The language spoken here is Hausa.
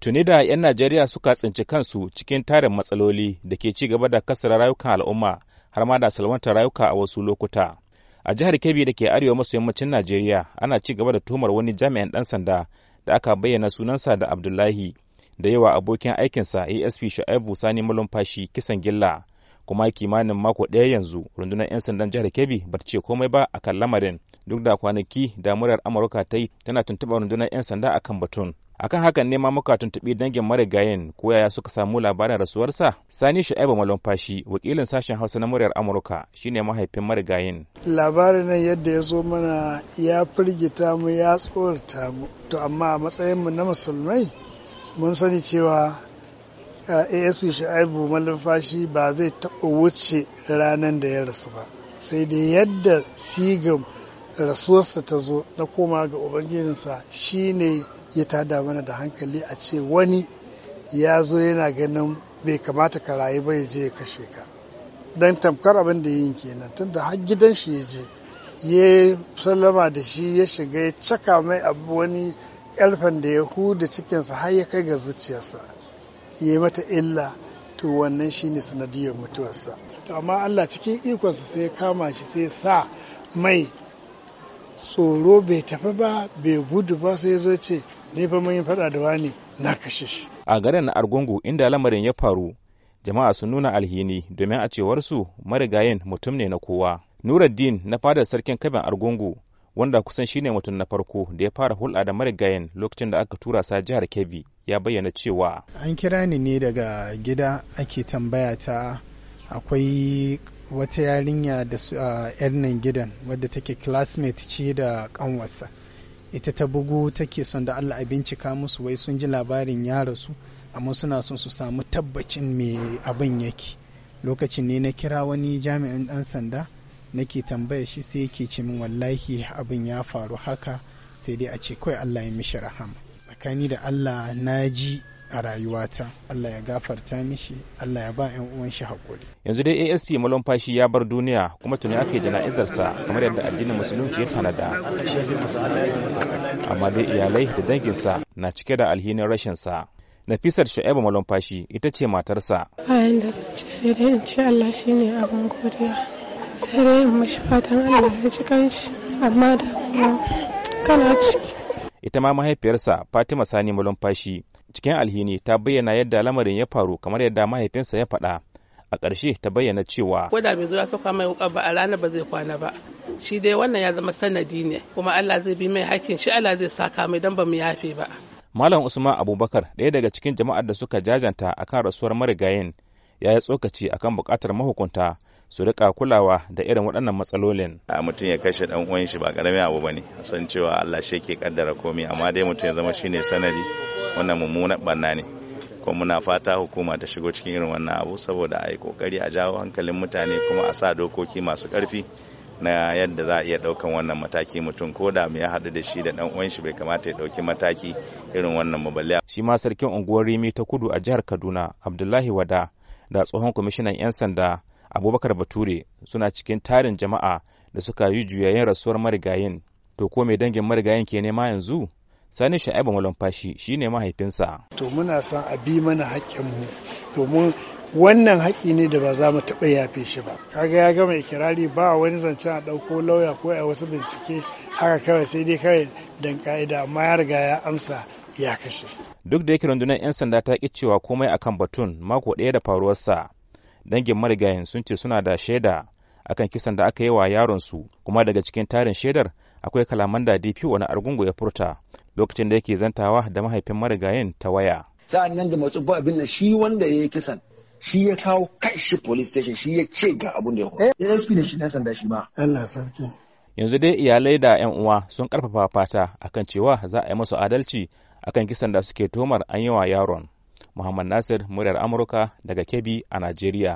tuni da 'yan Najeriya suka tsinci kansu cikin tarin matsaloli da ke ci gaba da kasar rayukan al'umma har ma da salwantar rayuka a wasu lokuta. A jihar Kebbi da ke arewa maso yammacin Najeriya ana ci gaba da tumar wani jami'an ɗan sanda da aka bayyana sunansa da Abdullahi da yawa abokin aikinsa ASP Shu'aibu Sani Malumfashi kisan gilla kuma kimanin mako ɗaya yanzu rundunar 'yan sandan jihar Kebbi ba ce komai ba akan lamarin duk da kwanaki da Amurka ta yi tana tuntuɓar rundunar 'yan sanda akan batun. akan hakan ne ma muka tuntuɓi dangin marigayin ko yaya suka samu labarin rasuwarsa sani shu'aibu malumfashi wakilin sashen hausa na muryar amurka shine mahaifin marigayin labarin nan yadda ya zo mana ya firgita mu ya tsorata mu to amma a matsayinmu na musulmai mun sani cewa asp shu'aibu malumfashi ba zai taɓa wuce ranar da ya rasu ba sai dai yadda sigan rasuwarsa ta zo na koma ga ubangijinsa shine ya tada mana da hankali a ce wani ya zo yana ganin bai kamata ka rayu ba ya je ya kashe ka dan tamkar abin da yin kenan tunda har gidan shi ya je ya sallama da shi ya shiga ya caka mai abu wani karfen da ya huda cikinsa har ya kai ga zuciyarsa ya yi mata illa to wannan shine sanadiyar mutuwarsa amma Allah cikin ikonsa sai ya kama shi sai sa mai tsoro bai tafi ba bai gudu ba sai zo ce ni fa mun faɗa da wani na kashe shi a garin na argungu inda lamarin ya faru jama'a sun nuna alhini domin a cewar su marigayin mutum ne na kowa nuruddin na fadar sarkin kabin argungu wanda kusan shine mutum na farko da ya fara hulɗa da marigayin lokacin da aka tura sa jihar kebbi ya bayyana cewa an kira ni ne daga gida ake tambaya ta akwai wata yarinya da su a yar nan gidan wadda take classmate ce da kanwarsa ita ta bugu take son da allah a bincika musu wai sun ji labarin ya rasu amma suna son su samu tabbacin me abin yake lokacin ne na kira wani jami'in dan sanda nake tambaya shi sai yake ce min wallahi abin ya faru haka sai dai a ce kawai allah ya mishi rahama tsakani da allah na ji a rayuwata Allah ya gafarta mishi Allah ya ba 'yan uwan shi haƙuri yanzu dai ASP malumfashi ya bar duniya kuma tuni ake jana'izarsa kamar yadda addinin musulunci ya tanada amma dai iyalai da danginsa na cike da alhinin rashinsa Nafisar Shu'aibu malumfashi ita ce matarsa. a yanda zan ci sai dai in ci Allah shi ne abin godiya. Sai dai in mashi fatan Allah ya ci kanshi amma da kana ciki. Ita ma mahaifiyarsa Fatima Sani malumfashi cikin alhini ta bayyana yadda lamarin ya faru kamar yadda mahaifinsa ya faɗa a ƙarshe ta bayyana cewa ko da bai zo ya sauka mai wuka ba a ranar ba zai kwana ba shi dai wannan ya zama sanadi ne kuma Allah zai bi mai hakkin shi Allah zai saka mai dan ba mu yafe ba Malam Usman Abubakar ɗaya daga cikin jama'ar da suka jajanta akan rasuwar marigayin ya yi tsokaci akan buƙatar mahukunta su rika kulawa da irin waɗannan matsalolin. A mutum ya kashe ɗan uwan shi ba ƙaramin abu ba bane, san cewa Allah shi ke kaddara komai amma dai mutum ya zama shine sanadi wannan mummunan barna ne kuma muna fata hukuma ta shigo cikin irin wannan abu saboda a yi kokari a jawo hankalin mutane kuma a sa dokoki masu karfi na yadda za a iya daukan wannan mataki mutum ko da mu ya haɗu da shi da ɗan uwan shi bai kamata ya ɗauki mataki irin wannan mabalya. shi ma sarkin unguwar rimi ta kudu a jihar kaduna abdullahi wada da tsohon kwamishinan 'yan sanda abubakar bature suna cikin tarin jama'a da suka yi juyayen rasuwar marigayin to ko mai dangin marigayin ke nema yanzu sani sha'ibu malumfashi shi ne mahaifinsa to muna son a bi mana haƙƙinmu mun wannan haƙƙi ne da ba za mu taɓa yafe shi ba kaga ya gama ikirari ba wani zancen a ɗauko lauya ko a wasu bincike haka kawai sai dai kawai dan ka'ida amma ya riga ya amsa ya kashe duk da yake rundunar 'yan sanda ta ƙi cewa komai akan batun mako ɗaya da faruwarsa dangin marigayin sun ce suna da shaida akan kisan da aka yi wa yaron su kuma daga cikin tarin shaidar akwai kalaman da DP wani argungu ya furta lokacin da yake zantawa da mahaifin marigayin ta waya. Sa'an nan da matsu ba abin shi wanda ya yi kisan shi ya kawo kai shi police station shi ya ce ga abin da ya faru. Eh. ASP da shi na sanda shi ma. Allah sarki. Yanzu dai iyalai da 'yan uwa sun karfafa fata akan cewa za a yi musu adalci akan kisan da suke tomar an yi wa yaron. Muhammad Nasir, muryar Amurka daga Kebbi a Najeriya.